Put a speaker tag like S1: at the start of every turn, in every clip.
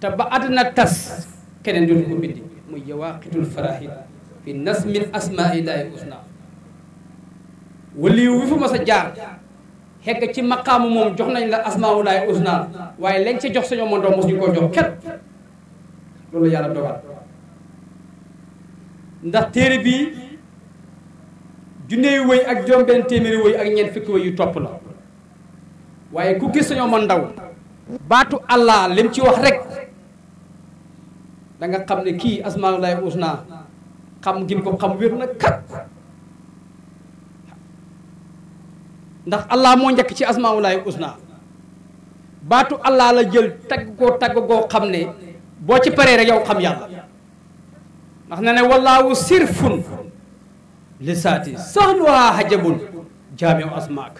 S1: te ba àddina tas keneen dootu ko bindi muy yawaaqitul faraaxi fi nasmin asmaaillahi usna waliyu wi fu ma sa jaar xekk ci maqaamu moom jox nañ la asmaaullahi usna waaye lañ ca jox sañoo mondoom mosuñu koo jox kenn loolu yàlla dogal ndax téere bi junneyu wëy ak juróom téeméeri wëy ak ñeent fukki wëy yu topp la waaye ku gis sañoo ma ndaw baatu allah lim ci wax rek danga xam ne kii asmaa lay usna xam gim ko xam wér na kat ndax allah moo njëkk ci asmaa lay usna baatu allah la jël tagg koo tagg koo xam ne boo ci paree rek yow xam yàlla ndax na ne wallaahu sirfun li saati sahluha hajabun jaamiu asmaak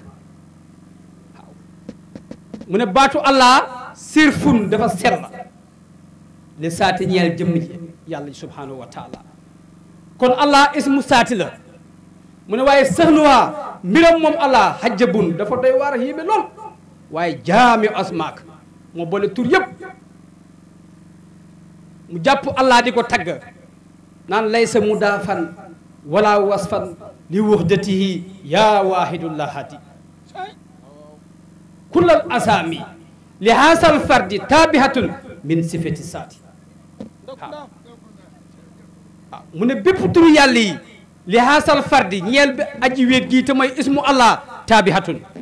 S1: mu ne baatu allah sirfun dafa sell لساتي نيال جمي يالله سبحانه وتعالى كون الله اسم ساتي من واي سهنوا ميرم موم الله حجبون دا فتاي وار هيبي لول واي جامع اسماك مو بول تور ييب مو جاب الله ديكو تاغ نان ليس مدافعا ولا وصفا لوحدته يا واحد الله هادي كل الاسامي لهذا الفرد تابعه من صفه الساتي waaw ah, mu ne bépp turu yàlla yi li haasal fardi ñeel bi aji wéet gii may mooy ismu allah taabihatun